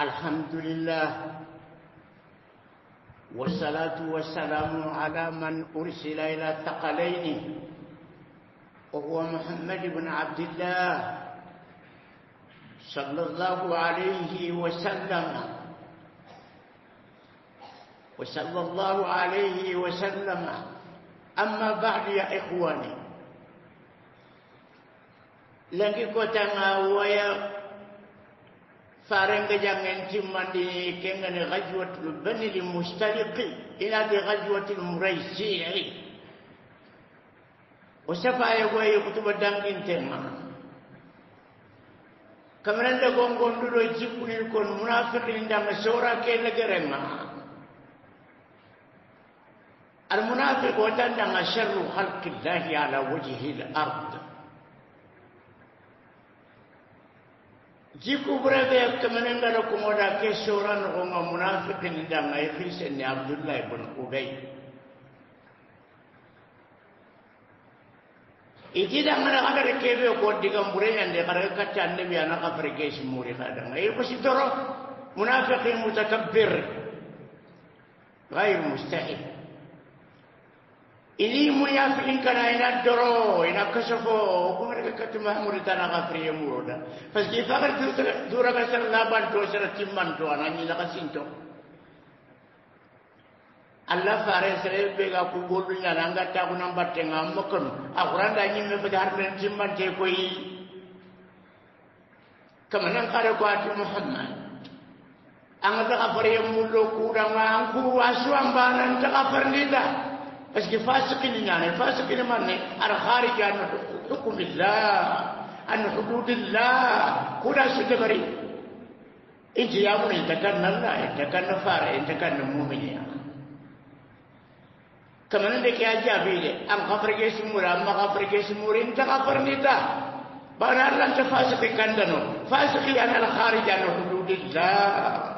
الحمد لله والصلاة والسلام على من أرسل إلى الثقلين وهو محمد بن عبد الله صلى الله عليه وسلم وصلى الله عليه وسلم أما بعد يا إخواني لنكي كتنا ويا فارنگ جانگن تمدي كنن غزوة البني المستلق إلى غزوة المريسي وسفا يقول يكتب دانگن تنما كمرن دا غنغن دلو يجيبون يكون منافق دا مسورا كي لغرما المنافق وتنى شر خلق الله على وجه الأرض jiku brebe kemenen daro kumoda ke soran ko nga munafik ni danga e fisen ni abdullah ibn ubay iji danga na kada kebe ko digam burenya de kada katta annabi ana ka farke shi muri kada e ko sitoro munafik mutakabbir غير مستحيل إلي منافقين كان هنا درو هنا كشفوا وكمر كتما مريتنا غفري مودا فسكي فقر دورا كسر لابان توسر تيمان تو أنا نيلا كسينتو الله فارس سرير بيجا كقول لنا نانغا تاكو نمبر تنعم مكن أقران داني مبدار من تيمان تكوي كما نقرأ قات محمد أنا تغفر يملو كورا ما أنكو واسوان بانا تغفر لله بس فاسقين يعني فاسقين من على خارج عن حكم الله عن حدود الله كل شيء دبري انت يا ابن انت كان الله انت كان فار انت كان مؤمن يا كمان عندك يا جابيل ام غفر كيس مور ام غفر كيس مور انت غفر نيتا بانا الله انت فاسق كان دنو خارج عن حدود الله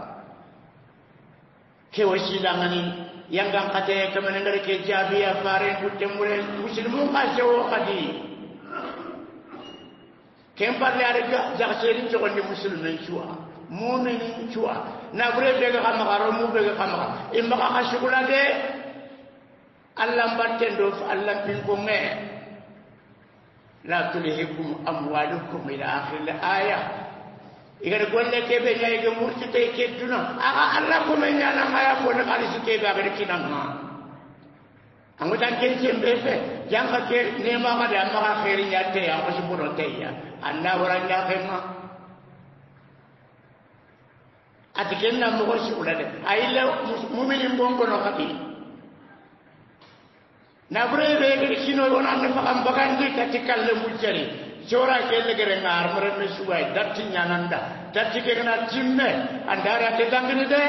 ke wasilangani yangan kate kamene ndare ke jabi ya fare kutembure muslimu ka sewo kadi kem par parle are ga jaxeri to gondi muslimen chuwa mu'minin chuwa na gure be ga kama garo mu be ga kama ba ka shukula de allah mbatte do allah bin ko me la tulihikum amwalukum ila akhir al ayah igara golle kebe ngay ga murti tay kedduna aga allah ko men nyana maya ko na kali su kebe aga kinan ha ango tan ken sembe fe jang ka ke ne ma ma da ma ka khairi nya te ya ko su bodo te ya anna wara nya ke ma atiken na mo ko su bodo chora kelle gere ngar mere me suwai datti nyananda datti ke na jimme andara te dangini de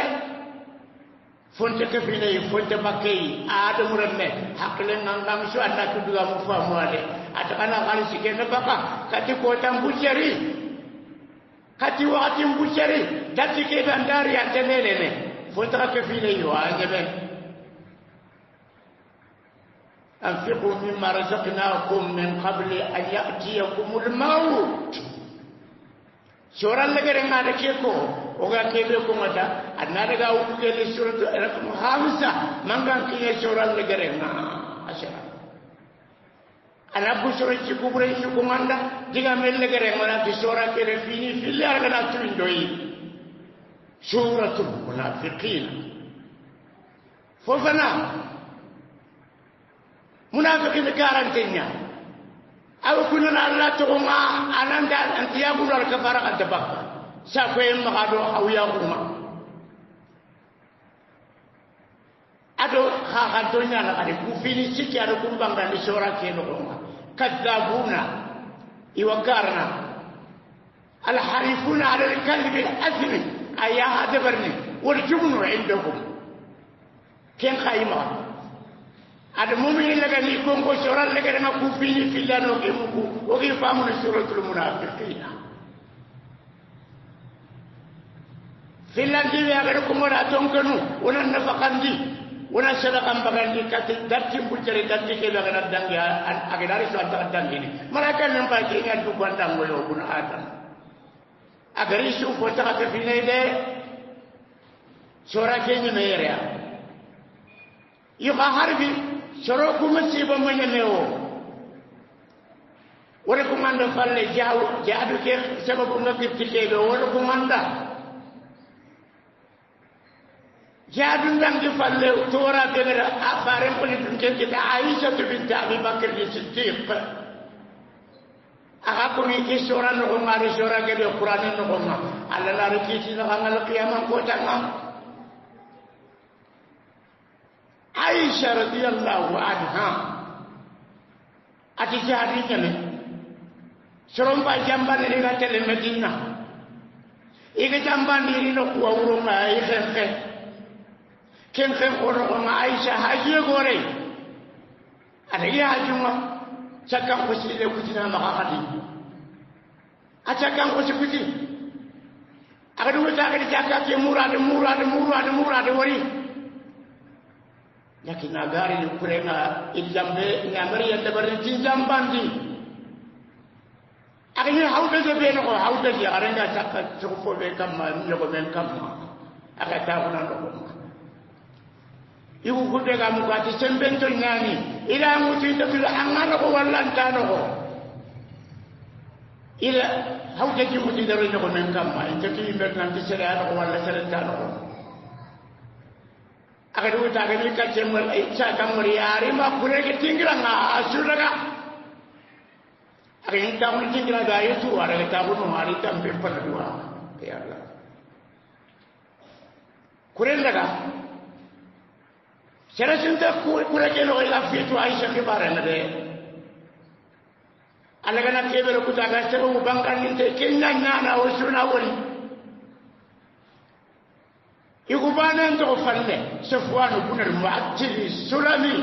fonte ke fine fonte makkei adu murenne hakle nan nam su anna ku duga mu fa mu ade atakana kali sikene baka kati ko tambu jeri kati wakati mbu jeri datti ke dandari antenelene fonte ke fine yo angebe أنفقوا مما رزقناكم من قبل أن يأتيكم الموت سورة لغير ما لكيكو وغا كيبكم متى أنا لغا وكيل سورة رقم خامسة من كان كي سورة لغير ما أشرا أنا بسورة شكوبرين شكوماندا جيغا ميل لغير ما نتي سورة كيرفيني في اللي أرغنا ترندوي سورة المنافقين فوفنا munafiqin a ah, anan da alla togonga ananda antiyaguno al kafara anta bakka sakoyen magado aw kuma ado hakanto na kare ku fini sikki aɗa da shora ke nogonga kadabuna iwa garna alharifuna ala alkalbi alasmi ayaha debarni waljumnu indahum ken kayimaga ada mumin laga ni ko ko soral laga na ko fini fillano ke muku o ke famu ni suratul munafiqin fillan diwe agar ko mara ton kanu wona nafaqan di wona sadaqan bagan di katin datti bu jere datti ke daga nan dangi age dari so antara dan ini mara kan nan pa ke ngan ko dang wo bun adam agar isu ko ta ka fini de Sora kenyu meyere. Yuka harbi, soroku mesti ba ma ñeneewo wala ko manda falle jaaw jaadu ke sababu nga fi ci tebe wala ko manda jaadu ndam di falle to wara gëna afare ko ni tun ci ta aisha tu bint abi bakr bi siddiq aha ko mi ci sura no ko mari sura ke de qur'an no ko ma alla la ci ci na nga qiyamah ko ta ma aisha radiyallahu anha ati ci hadita ne soron ba jambane ɗi ga tele medina iga jambandiri no kuwa wuronga i xenxe ken xen xonoxonga aisha hajegorey ada i hajunga cakkan xosiile kutina maxa xadi a cakkan xosi kuti agadi wota agadi cakka ke murade murade murade murade wari ñaki na gari ni kure nga illambe ñamari yalla barni ci jambandi ak ni hawde je be ko hawde je aranga sakka ci ko be kam ma ni ko ben kam ma aka ta ko nan ko iku kurde ga mu ka ti semben to nyani ila mu ti to fil angana ko wallan tano ko ila hawde je mu ti daro ni ko men kam ma en ti be tan ti sere ko walla sere tano ko akati wuta akati kacce mal icha kamar yari ma kure ke tingira nga asura ka akati ta mun tingira da yesu wara ta mun mari ta mbe pana duwa ya Allah kure ndaga sera sinta kure ke no ila fitu aisha ke bara na de alaga na kebe ko ta ga sero bangan ni te kenya nyana o sura wori i ko bannen tɔ farin dɛ. sefuan bunel muntali sulami.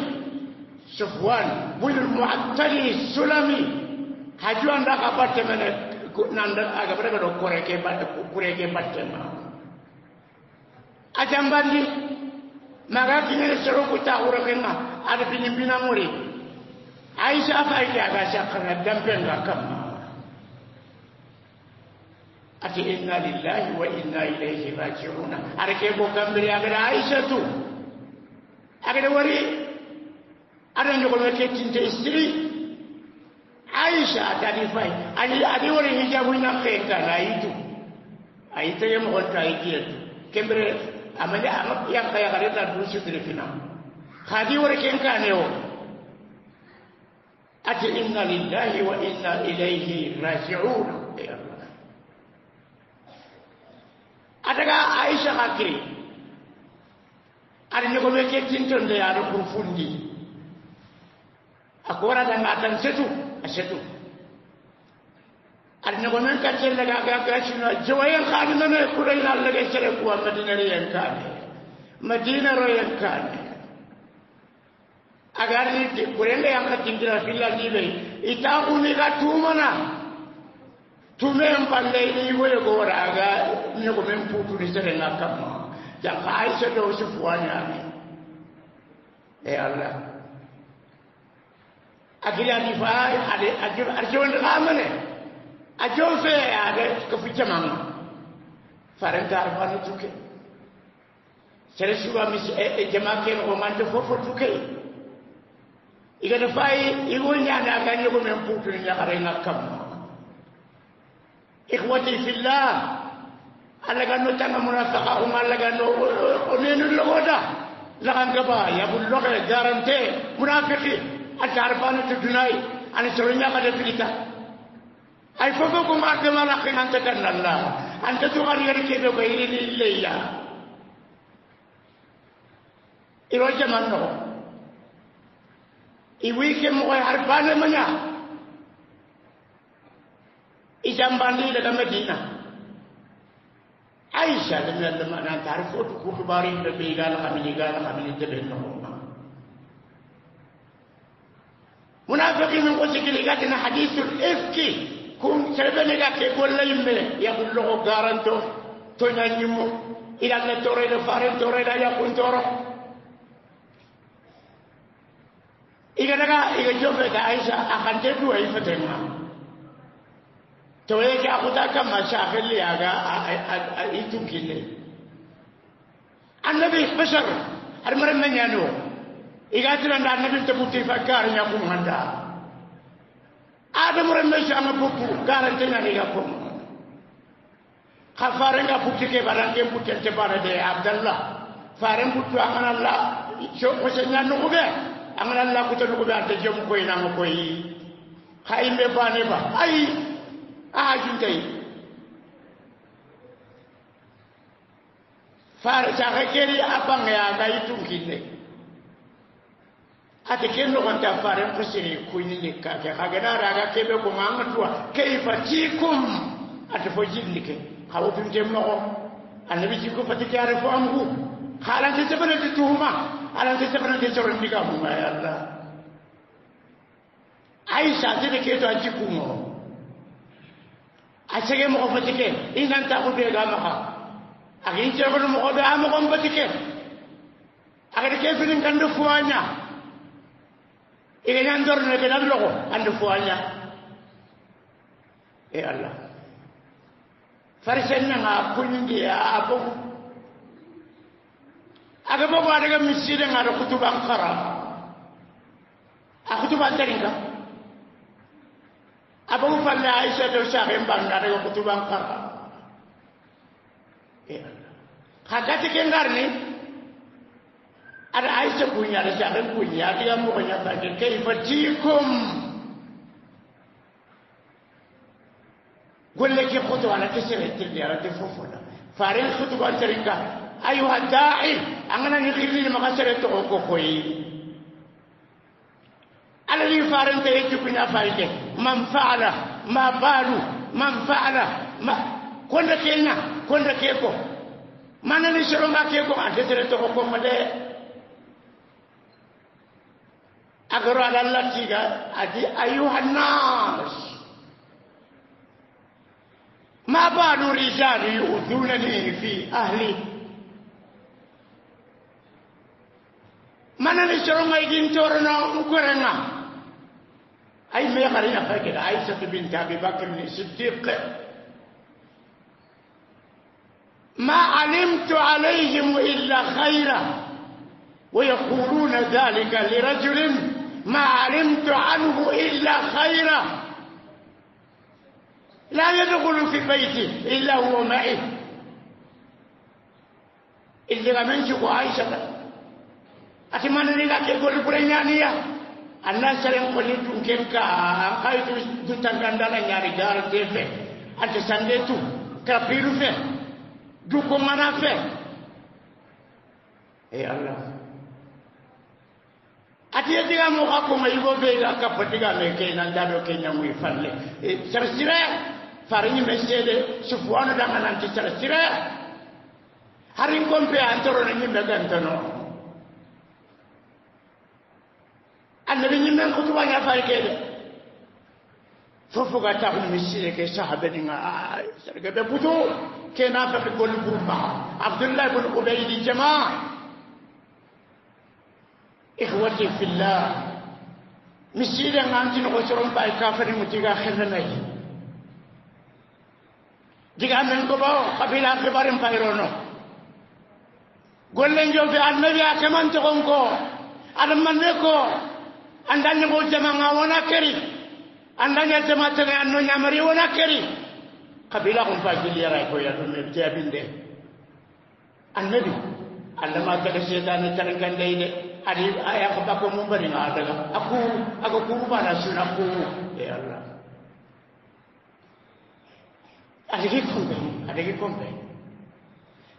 sefuan bunel muntali sulami a jɔna a ba tɛmɛnɛ ko nan da a bɛ dɔn kɔrɛke ba tɛmɛ a jan ba di maa ka dingɛ de sɔrɔ ko taa a warake ma adadunin أتي إنا لله وإنا إليه راجعون أركي بوكام بري أغرى عائشة أغرى وري أغرى نقول لك أنت إستري عائشة أتاني فاي أغرى وري هجاب وينا خيطة رأيتو أيتو يوم غلطة أيديت كم بري أمالي أمك يا خيا غري تردو سيطري فينا خادي وري كم كانيو أتي إنا لله وإنا إليه راجعون ataga aisha hakiri ari ñogo ɓe ke tintonde yaɗo pour fundi ako waratanga tan setu a setu ari ñogo men kacce lega gaga sino jewayen kaani nane kuɗayna lege sere kuwa madina madinare yen kaane madinaro yen kaane agarni kurenɗe yanka tintira fila ɓey ita kuni ka tumana tumen palle ni wole ko raga ni ko men putu ni sere na kama ya kai se do se fuanya ni e allah akila ni fa ale ajir arjon ramane ajon fe ade ko fiche mama faran dar tuke sere mis e jama ke ko fofo tuke igata fay igonya da ganyo ko men putu ni ya إخوتي في الله الله قال له تنا منافقهم الله قال له قنين اللغودا لغن قبا يا ابو اللغة جارنتي منافقي أنت عرفانة تدناي أنا سرنيا قد بلتا أي فوقكم أكما لقين أنت كان الله أنت تغني يركب غير الليلة إرجع منه إيويك مغير بانه منه ijambandude ɗa medina aicha ɗemellema nantare fotu kurtubarinɓe ɓe igala hamili igala hamili deɓen nohoma munafiki min ko sigili gadina hadisul ifki kum serɓene ga ke golla yimɓe yahullogo garanto toñañimmo iɗanne torede faren toreda yakuntoro iga daga iga jofe ga aicha a hante duwayi fetenma to yake akuta kama shakali aga itukile annabi bashar armar nanyano igatira nda annabi tabuti fakar nya kumanda adam remme shama buku garante nya ni gakum khafare nga buti ke barande buti te barade abdallah fare butu amana la ko se nya no kube amana la ko to no kube ante jom ko ina ko yi khaimbe bane ba ai ajuntei ah, farsaxekeri a bangeyanga yitunkinne e ate ke nogonta faren kusini kuinini kake xagena raga kebe gongaanga tuwa keifa tikum ate fo jinnike xa wotuntem noxo annabi jiku fatike are fo amgu xa alante sebenente tuxuma alante sebenente soro ndigamunga yalla aisa tene ke to a jikungoo acege mo ko fatike inan ta ko biya gama ha agin ce ko mo ko da mo ko fatike agade ke fini kandu fuanya ile nan dorne ke nan logo andu fuanya e allah farsen nga kunndi ya abu aga mo ko daga misire nga ro kutuba khara a kutuba ah, taringa apa mufanya Aisyah dan Syahim bangkar yang betul bangkar ya Hakati kengar ni ada Aisyah punya, ada Syahim punya dia mukanya tadi keifajikum Gue lagi kutu anak kisir itu dia ada fufuna. Farin kutu bantu ringka. Ayuh ada ai. Angan angin kiri ni makan sere tu oh, kokoi. على اللي فارنت يجبنا فارنت من فعل ما بالو من فعل ما كنا كنا كنا كيكو ما نلشرو ما كيكو أنت سرتو كم ده أقرأ على الله تيجا أدي أيها الناس ما بال رجال يؤذونني في أهلي ما نلشرو ما يجين تورنا مكرنا أي ما يخرين فاكر عائشة بنت أبي بكر الصديق ما علمت عليهم إلا خيرا ويقولون ذلك لرجل ما علمت عنه إلا خيرا لا يدخل في بيتي إلا هو معي إذا لم ينشق عائشة أتمنى لك يقول بريانية annan saren koni tun ken ka haytu dutagandana ñaari jarate fe ante sande tu kapiru fe duko mana fe e allah ati yetiga mo ka koma yigo feyga kappatiga me kenandaɗo ke ñamuy e falle e sara sira farñime seede sufuwano dangananti sara sira harin kompe antorono ñimme gantano annabi ñimmen kutuba ga fay kede fofu ga taxu misire ke sahaba ni nga sarga be butu ke na fa ko lu burba abdullah ibn ubayd jamaa ikhwati fillah misire nga antin ko sorom bay kafari mu tiga xernay diga men ko bawo kabila kibarim payrono golle njombe annabi a kemantogon ko aɗa manne ko andanya mo jama ngawana keri andanya jama tena anno nyamari wana keri kabila kun pa jili ra ko ya dum me je binde annabi alla ma ka shaytan tan kan leide ari aya ko bako mo bari ma daga lah. aku aku ku ba na suna ku ya allah ari ki kun be ari ki kun be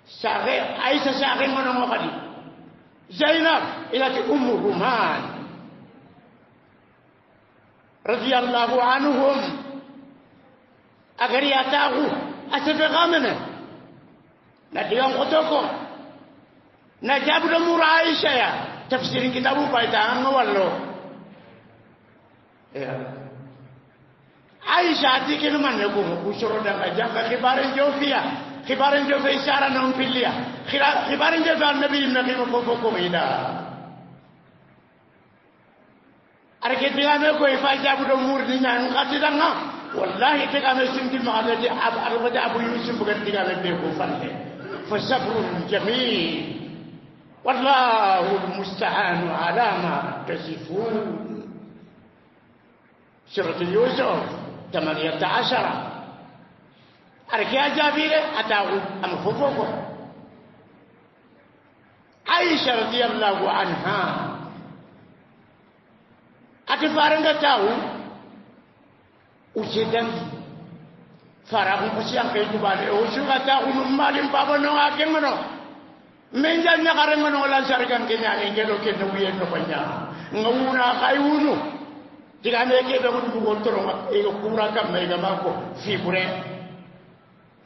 sare aisha sare mo no mo kadi zainab ila ti ummu rumani رضي الله عنهم اگر یتاغو اسدغامنه نديهم قطوكو نجاب دمور عائشة يا تفسير كتابو بايتا عنه والله عائشة اتيك نمان نقوم وشرو دم أجاب خبار جوفيا خبار جوفي إشارة نوم في الليا خبار جوفي النبي النبي مفوفوكم إلى أركيت بيها ما كوي فايز أبو دمور دينا نقاتي دنا والله تك أنا سنت المعادي أب أربعة أبو يوسف بقت تك أنا بيكو فن فصبر جميل والله المستعان على ما تصفون سورة يوسف ثمانية عشر أركيا جابيل أتاو أم فوفوكو عائشة رضي الله عنها atifarenda tahu usidangi fara kumpusiyankeitubale usuga tahunummalin babononga kengono menja ñakarengono lansarigan keñane ngedo kenne wuyen nogo ñama nga wuna kay wunu tigane keɓe ko ɗuɗugol toronga ega kura kamma ega mako fibre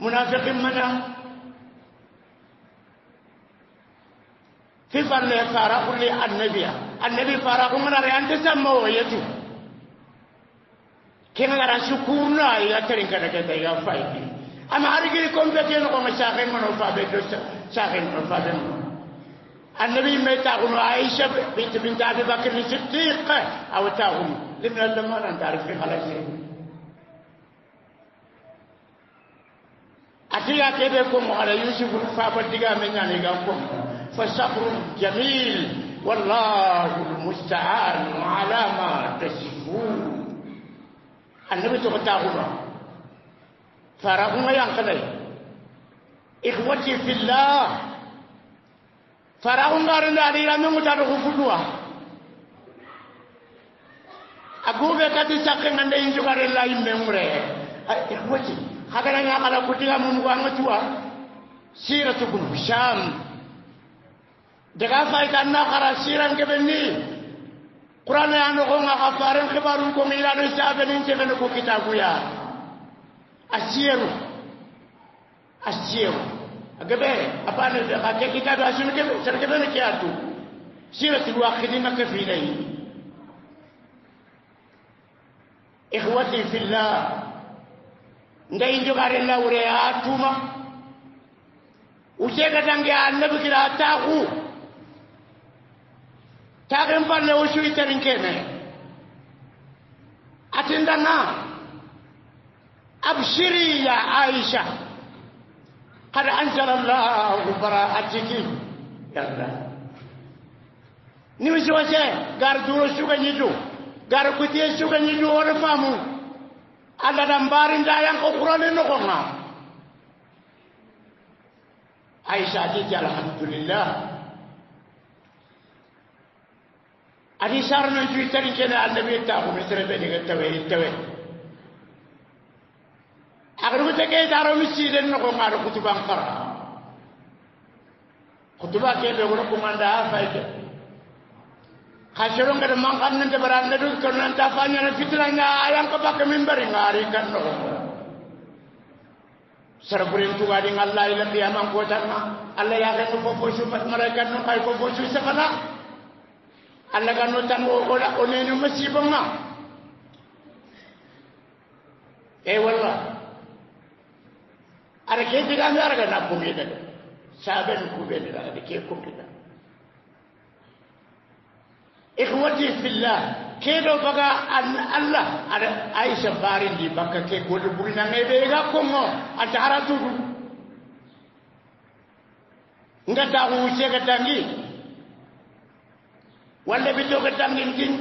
munafiqin mana كفر لي فارق لي النبي النبي فارق من ريان تسمى ويتي كنا نرى شكورنا يا ترين كنا كنا يا فايدي أما هرقي لكم بكين قوم شاخين من الفابد شاخين من الفابد النبي ميتاقون عائشة بنت بنت أبي بكر الصديق أو تاهم لمن لما أنت عارف في خلاص أتيا كده كم على يوسف فابد دعا من يعني كم فصبر جميل والله المستعان على ما تصفون النبي تغتاهما فراهما ينقلي إخوتي في الله فراهما رنا ليلا من متعرف فلوة أقول لك أنت ساقي من دين جوار الله يمنمره إخوتي هكذا نعمل كتير من مغامرة سيرة بن هشام daga fay kan na khara siran ke benni qur'an ya no ko nga faran khibarun ko mi lanu sabe nin ke ben ko kitabu ya asiru asiru agabe apane de ka ke kitabu asun ke ser ke ben ke atu siratul waqidina ke fi lay ikhwati fillah ndey njogare lawre ya tuma usega tangi annabi kira taqu تاغم banne wo suyitarin kene أتندنا أبشري يا عائشة قد أنزل الله براءتك يا الله نمشي وشي غار دورو شوكا نيجو غار كوتيه شوكا نيجو ورفامو فامو دمبارين دا يان قران نكونا عائشة الحمد لله አዲስ ሳር ነው እንጂ ተንቸና አለ ቤታሁ መሰረተ ደገተበ ይተበ አግሩ ተቀይ ታሮ ምሲ ደን ቆ ማሩ ኩቱባን ቀራ ኩቱባ ከየ ደግሮ ኩማንዳ ፋይተ ካሸሩን ገደ ማንካን እንደ በራነዱ ከነን ታፋኛ ነ ፍትላኛ አያን ከባከ ሚንበር ይማሪ ከነ ሰርብሬንቱ ጋዲን አላህ ይለም ያማን ኮታና አላህ ያገኝ ኮፎሹ መስመረ ከነ ካይ ኮፎሹ ይሰፈላ alla gannotan onenumma siibonga ey walla ara keetigaami aragana kumiidada saaben kubeniraade kee kumkida ikhwati fillah d'o baga an allah aɗa aisha barindi bakka ke goɗɗo ɓurinanga ɓe ega kongo oh. anta hara Nga ngata ko ga dangui ولا باللغة تنجن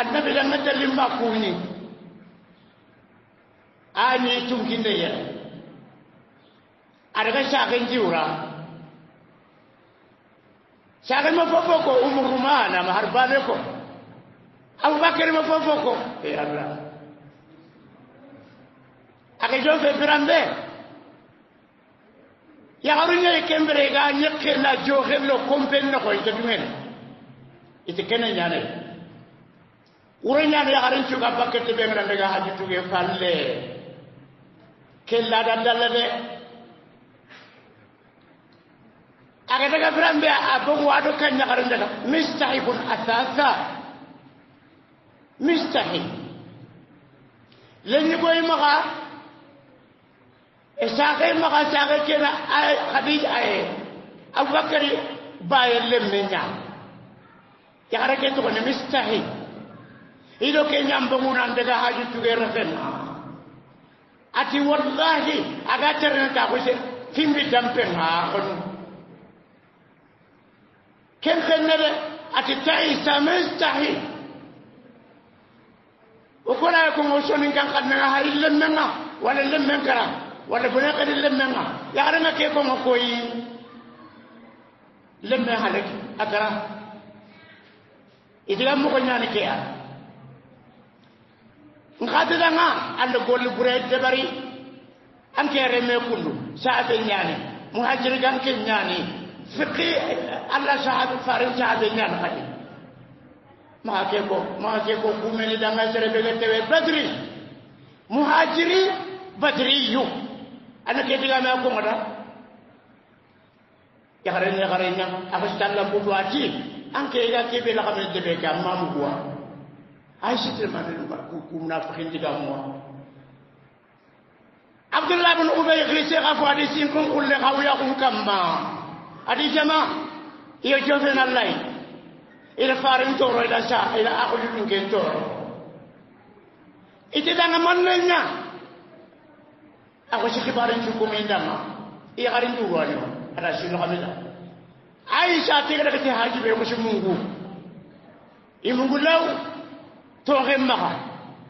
النبي لما تلم باكوني آني تمكن دي أرغى شاكن جيورا شاكن ما فوفوكو أمر رمانا ما هربانكو أبو بكر ما فوفوكو يا الله أكي جوف بران بي يا غرنيا كمبريغا نكنا جوخم لو كومبن نكو يتدمين ite kene ñane wuro ñane yakarin cuga bakkete ɓe ngana ndega haji tuge falle kelladan dalla de aga daga firanɓe a bogo waɗo kan ñakarin daga mistahikun asasa mistahi lenni koye maxa e saxe maxa saxe kena khadija aye aboubacary baye lemme ñaam يحركت وانا مستحي إذا كان يمبغون عند هاجي تغير فينا أتي والله أغاترنا تاخوش كم بدم بنا أخن كم خنر أتي تاي سامستحي وكنا يكون وصول إن كان قدنا هاي اللمنا ولا اللمنا كرا ولا بناقر اللمنا يعرنا كيكم أخوي لمنا هلك أكرا itigan mogo ñani keya nxatidanga anda golli bure debari anke reme kundu saabe ñani muhajirigan ke ñani fiqi alla sahabi farin saabe ñani xadi maxa ke ko maxa ke ko kumeni danga serebege tewe badri muhajiri badriyu ana ke digame a kongoda yaxare nexare ñang axistalla mbutu a tiim anke e la tebe lakame debe kamman moukwa. A yisite manen moukwa koukou mna prendi kamman moukwa. Abdel la moun oube yi glise gafwa ade simpon kou le kawye akou kamman. Adi jaman, yo jose nan lay, ila farin toro ila sa, ila akou lupin ken toro. Ite dan nan mannen nyan. A wese ki barin choukou menda man. I garin tou wanyo, anase moukwa menda moukwa. aicha tegaɗakati hajibe musimungu imungu law toxe maxa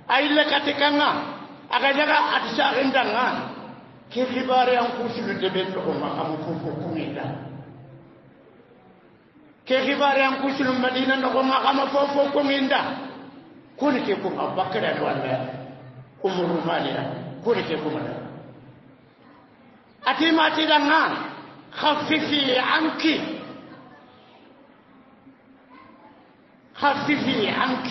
ayilakate kanga aga jaga ati saxindanga ke xibare an kusilu deɓe toxoma amu fofo kumeda ke xibare an kusilu madina noxoma xama fofo kumenda kone ke kuma bakkadani walla umurumanea kone ke kumada atimatidanga xa fifi anki خففي عنك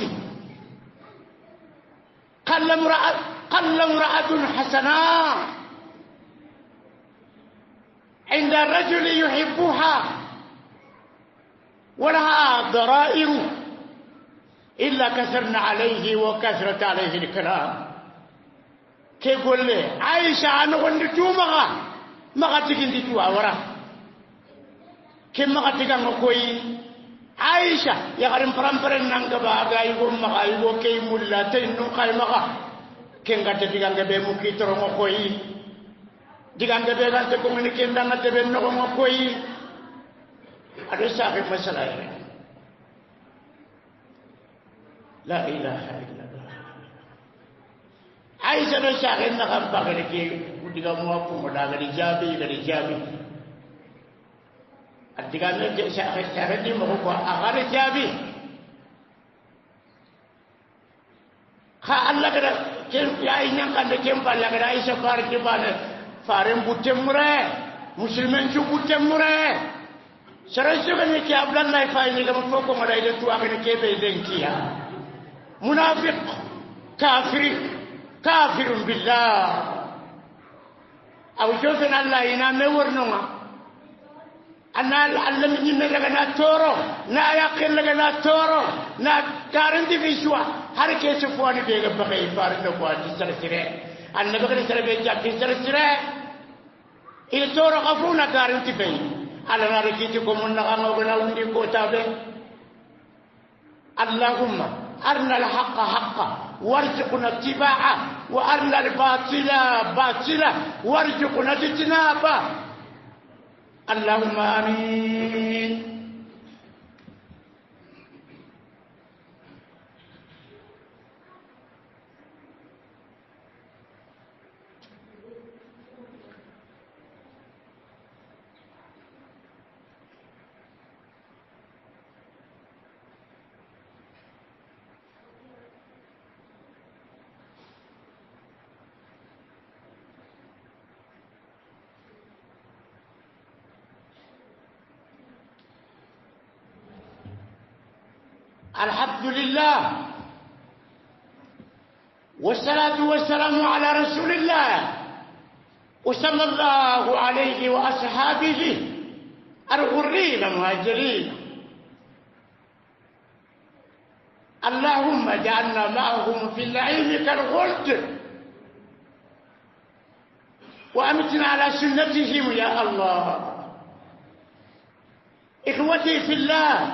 قل امرأة قل امرأة حسناء عند الرجل يحبها ولها ضرائر إلا كثرنا عليه وكثرت عليه الكلام تقول لي عايشة أنا وندتو ما مغا تكين دتوها ورا كم مغا aisha ya paramparen nan gaba aga igo maka igo kei mulla tei nun kai maka kenga te diganga be mu kitoro ngo koyi diganga be gante ko ngani kenda ngate be no ngo koyi ado sabe masala yare la ilaha illa allah aisha do ano sabe na kam bagare ke diga mu ko mo daga di jabi ga di jabi Adikannya cek syarat-syarat ini merupakan agar siabi. Ha Allah kata, cek syarat ini akan dikempal, ya kata, isa kari lah kipan, farin butem murah, muslimen cu butem murah. Serai suka ni ke ablan lai fai ni kama foko mada ila tu akan kebe zengki ya. Munafiq, kafiri, kafirun billah. Aku jauhkan Allah ina mewarnu ngak. ana alla ni ne daga na toro na ya ken daga na toro na garanti vishwa har ke su fo ni daga ba kai far da ko ti sare sire anna ba sare be ja ti sare sire il toro qafuna garanti be ala na riki ko mun na ga na undi ko ta be allahumma arna al haqqa haqqa وارزقنا اتباعه وارنا الباطل باطلا وارزقنا اجتنابه اللهم آمين الحمد لله والصلاة والسلام على رسول الله وصلى الله عليه وأصحابه الغرين المهاجرين اللهم جعلنا معهم في النعيم كالغرد وأمتنا على سنتهم يا الله إخوتي في الله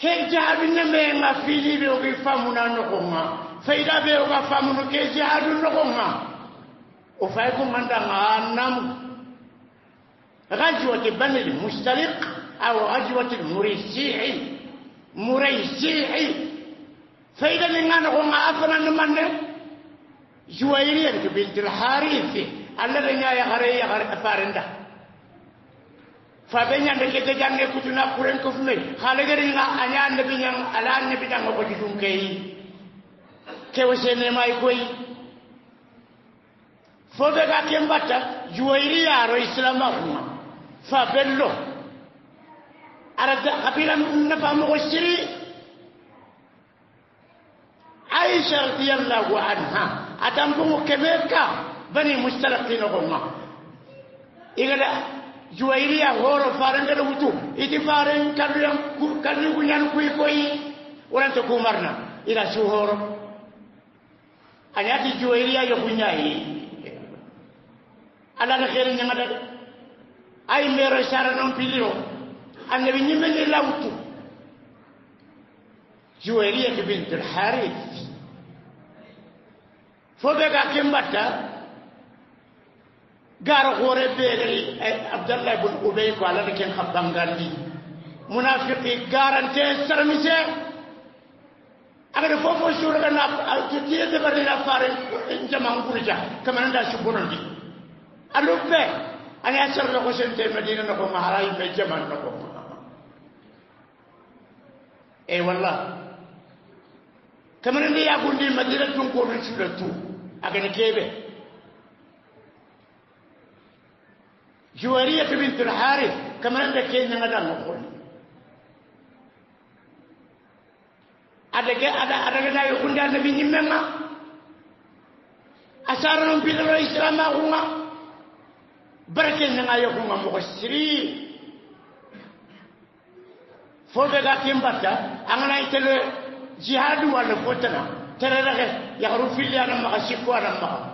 ken jaabinna meenga filiɓe oɓe famuna nogonga fayda ɓe oga famunu ke jaadu nogonga o fay ko mandanga namu غجوة بن المستلق أو غجوة المريسيعي مريسيعي فإذا نغانا غونا أفنا نمان جوائرية بنت الحارث الذي يغري يغري أفارنده fa be ñande ke ke jange ku tuna ku ren ko fume xale gari nga anya ne bi ñang ala ne bi jang ko tuum ke yi ke wo sene may koy fo be ga ke mbata juwayri ya ro islam ma fa bello ara da abila na fa mo shiri aisha radiyallahu anha atam bu mu kebeka bani mustalaqina ko ma igada juwayriya horo faren gada wutu iti faren kadriyam kadri kunyan kuy koy waran to kumarna ila su horo anyati juwayriya yo kunyayi ala na khairin nyanga da ay mero sara non pilio annabi nyimme ni lawtu juwayriya bint bintul harith fobe ga kembata gara gore bere abdallah ibn ubay ko ala ken khabban gandi munafiqi garante sarmise agada fofo suraga na tiye de bari na fare jaman kurja kamana da shuburundi alupe ani asar na ko sente medina na ko maharay me jaman na ko e wallah kamana de yagundi madina tun ko rinsu da tu agani kebe جوارية بنت الحارث كما عندك هي نغدا نقول ادغه ادا ادغه دا يكون دا نبي نيمما اشارن بي دلو اسلام ما هما بركه نغا يكون ما مو سري فوبه دا تيم باتا انا نايتل جهاد ولا فوتنا ترى رغه يغرو في لي انا ما اشكو انا ما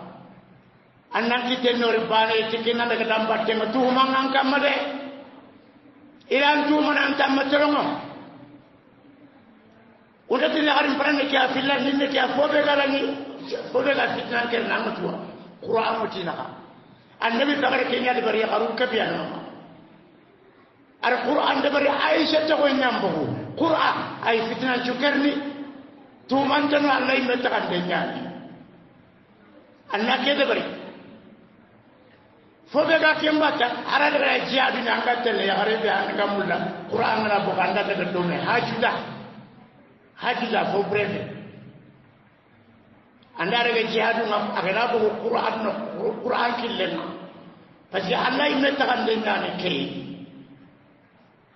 anan kite nori bane tikina daga dambatte ma tu mangan kamade ilan tu manan tammatrono Udah tidak hari pernah nak kiai filan ni nak kiai fobe garangi fobe lah fitnah ke nama tua Quran mesti nak. An Nabi kabar kini ada beri harun kebiasa nama. Al Quran ada beri Aisyah tu kau yang bahu Quran ay fitnah cukup ni tu mantan Allah yang betakan dengannya. An nak kiai ada beri fobe ga kembata arada ga jihadu na anga tele ya harebe anga mulla qur'an na bo anga da do ne hajuda hajuda fo breve andare ga jihadu na aga na bo qur'an na qur'an killen parce que allah imne ta kan den na ne kee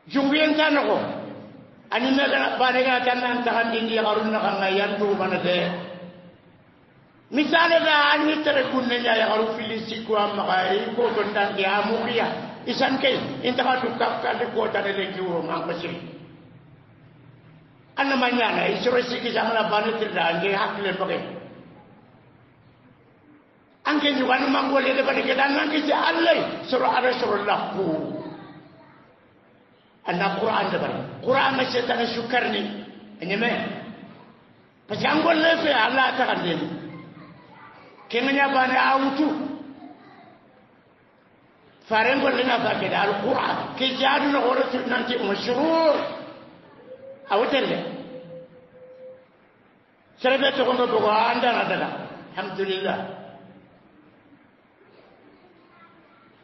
junguyen ta no ani na ba ne ga tan nan ta kan den ya garun na kan ya tu bana de misale da ani tere kunne nya ya haru filisi ko am magari ko to tan dia mukia isan kay inta ha tukka ka de ko tare le ki wuro mang pasi anna manya na isro siki jamana bani tir da nge hak le pake anke ni wanu mangole de bani kedan nan ki allah sura ara sura allah ku anna qur'an de bani qur'an ma shetana shukarni anyame parce que angol le fe allah ta kan de kenganya bane awutu faren gollena bakede alquran ke jadu na hore jaaduno nan ti mashrur awutelle serebe togondo bogo na dala alhamdulillah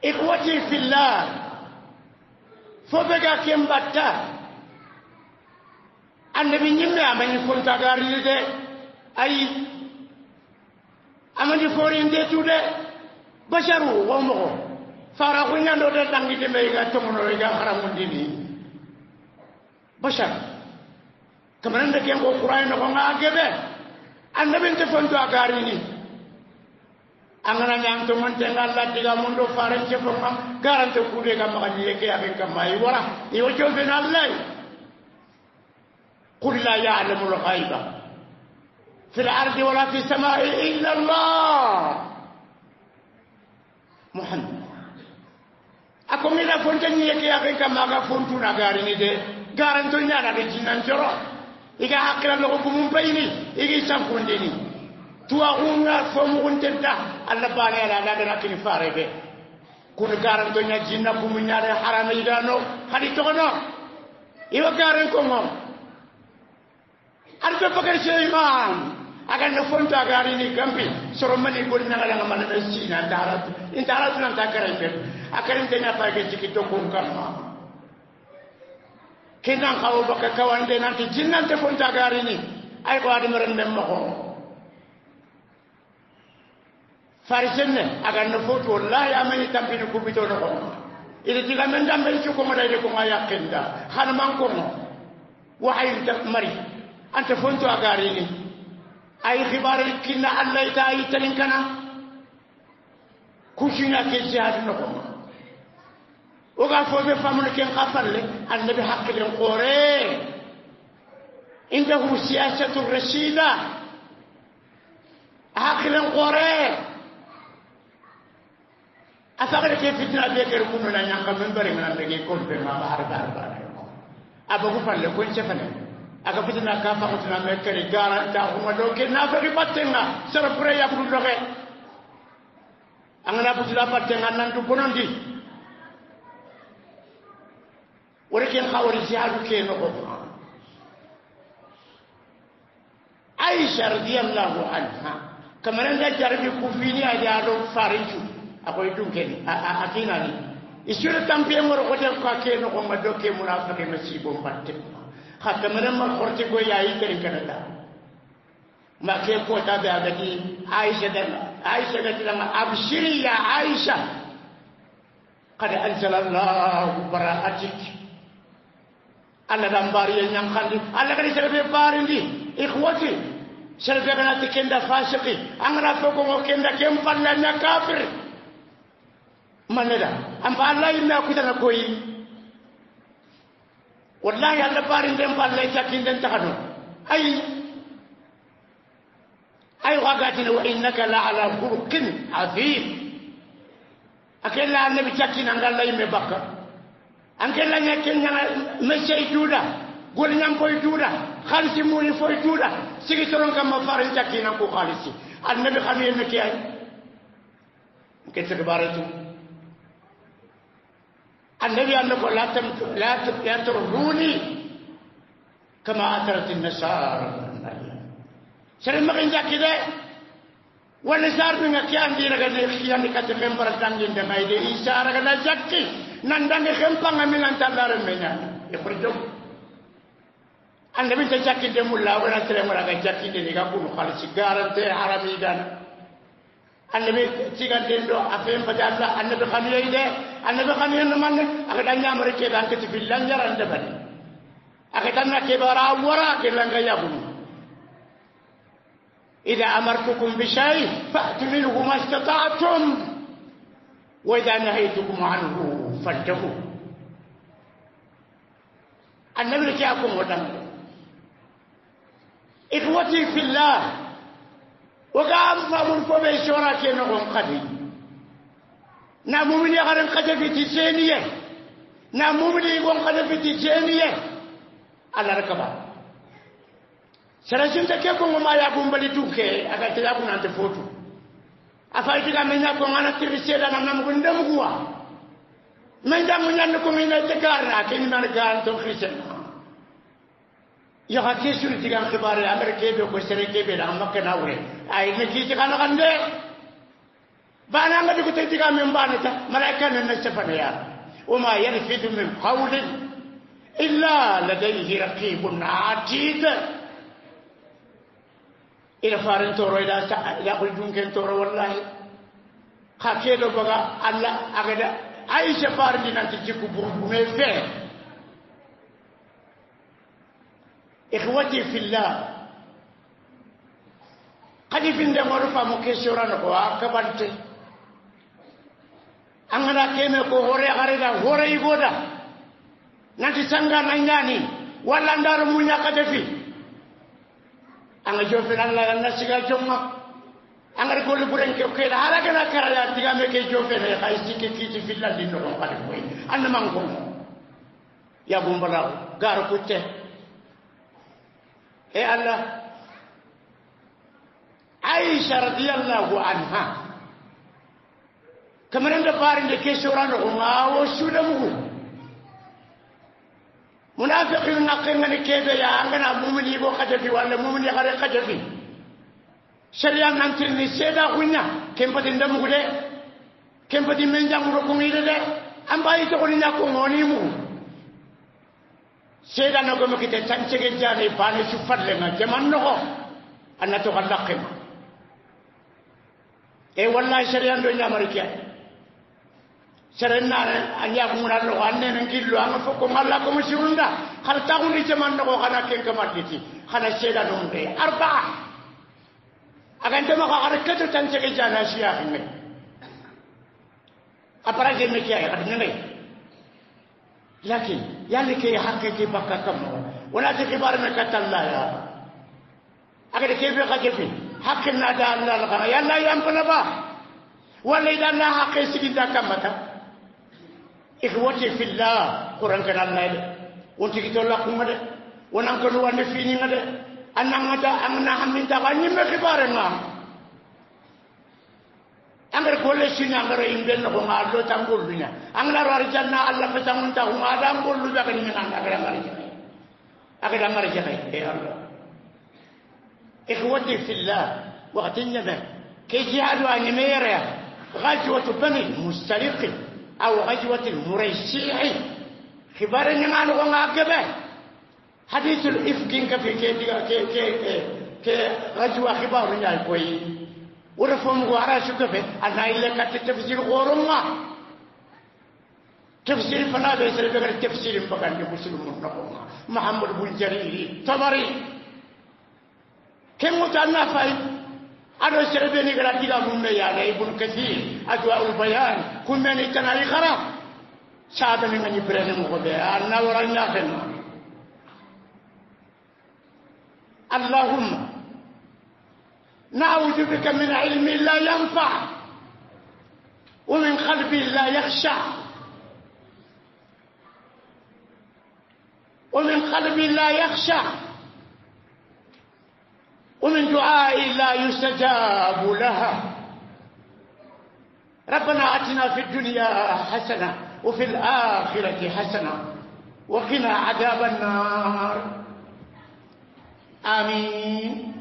ikhwati fillah fobega kem batta annabi ñimme amañi fonta garide ay amani foreign day today basharu wamo fara ko nyando de tangi de me ga to mono ga haram ni bashar kamran de kengo qur'an ko nga gebe annabi te fonto agari ni angana nyang to mon te ngalla diga mundo fara ke ko kam garante ku de ga magani ye ke ake ya kam mai wara yo jo de nalai qul la ya'lamul ghaiba في الأرض ولا في السماء إلا الله محمد أكو ميلا فونتني يكي أغيكا ماغا فونتونا غارني دي غارنتو نانا دي جنان جرو إيكا حقلا لغوكو مبيني إيكا إسان فونتني تو أغونا فومو غنتنتا ألا باني ألا لا دي ناكني فاري بي كون غارنتو نانا جنان كومو نانا حرام إيدانو خالي تغنو إيوا غارن كومو أرجو فكر شيء إيمان agan ne fonta gari ni gambi soro mani gol na ngala ngama na sina darat in darat nan ta kare pet akarin tena pa ke ciki to kun kan ma kinan kawo baka kawan de nan ti jinnan te fonta gari ni ay ko adam ren dem mako farisenne agan ne fotu wallahi amani tampini kubito no ko ili tiga men dambe ci ko mo dai ko ma yakinda xana man ko mo wahay mari anta fonto agari ni أي خبار الكلنا الله يتعي تلنكنا كشينا كزياد نقوم وقفوا بفامنا كين قفل النبي حق لنقوري إنه سياسة الرشيدة حق لنقوري أفقر كيف فتنة بيكر كنو لن ينقى من بري من أمريكي كون بما بحر بحر بحر أبقوا فالي كون شفنه aka fitana ka faxutina me kari gara daxuma do ke na fexi ɓattenga sarapure yaɓdu doxe angana futula ɓattenga nandu bonondi wori ken xa wori jaadu ke noxo aicha radiallahu anha kamarenga jarbi ku fini a yaado farincu a koy dun ken a kinani i sur tampiyengoro xote ka ke noxonga do ke mura fexima sibo ɓattenga ختمنا ما خرج كو يا اي تري كدلا ما كي كو تابع بدي عائشة دلا عائشة قالت لما أبشري يا عائشة قد أنزل الله براءتك على دمباري ينام خلي على غير سلبة باريني إخوتي سلبة أنا تكيندا فاسقي أنا رافقكم وكيندا كم فلنا كافر ما ندا أم الله يمنعك تنا كوي wallahi allah barinden pallay takkinden takano ay ay wagatine wa innaka la ala khulqin azim akella annabi takkinangalla yimme bakka ankella ñakkeñana messey duuɗa golñam koye duuɗa halisi muuni foy duuɗa sigi soron farin faren takkinan ko halisi annabi xanu yemme ke ay nke segbaretum النبي قال لكم لا تم لا تطردوني كما اثرت النصارى سر ما كان ذاك ده والنصارى من كان دينا كان كان كان كان بركان دين ده ما يدي اشاره كان ذاك نندن خمبان من انت دار منيا يبرجو النبي تشاك دي مولا ولا سر ما كان ذاك دي اللي كان قال سيجاره انت حرامي ده النبي تيجان دين دو افهم بجاسا النبي خليه ده أنا khani en manne aga dan nyamare ke dan ke billan yaran da bani aga dan na إذا أمرتكم بشيء فأتوا منه ما استطعتم وإذا نهيتكم عنه فانتهوا النبي لكي أكون ودنكم إخوتي في الله وقام فأمركم بإشارة نغم قديم نعمومي لي غارن قدفي تي جينيا نعمومي لي غون قدفي تي جينيا على ركبا سرجن تكيكم وما يا بوم بلي توكي اكاتي يا بوم انت فوتو افايتي كان مينيا كون انا تي في سيدا نام نام كون دم كوا مين دام مينيا نكو مينيا تكار راكي مينيا نكار تون خيسن يا خاكي سوري تيغان خبار الامريكي بيكو سري كي بيدا مكه ناوري اي نكي تيغان غندير بانا النبي كنت تيجا من بانتا ملائكة ننسفن يا وما يلفظ من قول إلا لديه رقيب عتيد إلى فارن تورو إلى سا إلى كل جنكن تورو والله خاكيلو بغا الله أغدا أي سفار دي نانتي جيكو بربو ميفي إخوتي في الله قد في ندمر فمكسران هو كبرتي an gana keme ko hore arega hore yigoda nanti sanga nangani walla ndaro muñaka defi anga jofenanlaa nasiga jomma angada golli ɓurenke keyda haragana karaya digame ke jofene hay sikke kiiti fillalli nogon ɓade koy anna mangkon yabumbala gaaro kutte e allah aicha radiallahu anha kamar inda farin da ke shauran da kuma wasu da muku munafiqin na kin ne ke da ya an gana mumuni ko kajafi wanda mumuni kare kajafi shari'a nan tirni sai da kunya kin fadi da muku de kin fadi men jan ko kun yi de an bai ta kun ya ko ngoni mu sai da nago muke ta tance ga jani fani su fadle na jaman no ko annato kallakin eh wallahi shari'a don ya markiya serennare anya muna lo anne nan gillo an fo ko malla ko mushunda hal ta hundi jaman ko kana ken kamar diti kana sheda non de arba'a agan dama ko har kato tan ce jana shi ya hinne apara je me kiya ka dinne lakin yani ke hakke ke bakka kam wala ke bar me katalla ya agar ke be ka ke fi hakkin na da Allah la kana yalla yan fa ba wala idan na hakke sigin da kam mata ikhwati fillah kurang kenal ngai untuk kita laku ngai wanang keluar ni fini ngai anang ada ang nah minta kanyi meke bareng Angger kole sin angger inden ko ngado tanggul dunya. Angger rar janna Allah pesangun tahu ngadang bol lu bakin nang angger angger. Angger angger ya Allah. Ikhwati fillah waqtin nabah. Kejihadu an mira ghazwatu bani mustaliqin أو غزوة المريسيع خبار إنما نقول عقبة حديث الإفقين كفي كي كي كي كي كي غزوة خبار من الكوي ورفهم غارة شكفة أنا إلا كانت تفسير غورما تفسير فلا بيسر غير تفسير بغير مسلم نقول محمد بن جريري تمري كم متعنا فايد أنا الشعبين يقرأ كده من يعني ابن كثير أدواء البيان كل من يتنا يقرأ شعبا من يبرين مغبئ أنا ورنا خلنا اللهم نعوذ بك من علم لا ينفع ومن قلب لا يخشع ومن قلب لا يخشع ومن دعاء لا يستجاب لها ربنا أتنا في الدنيا حسنة وفي الآخرة حسنة وقنا عذاب النار آمين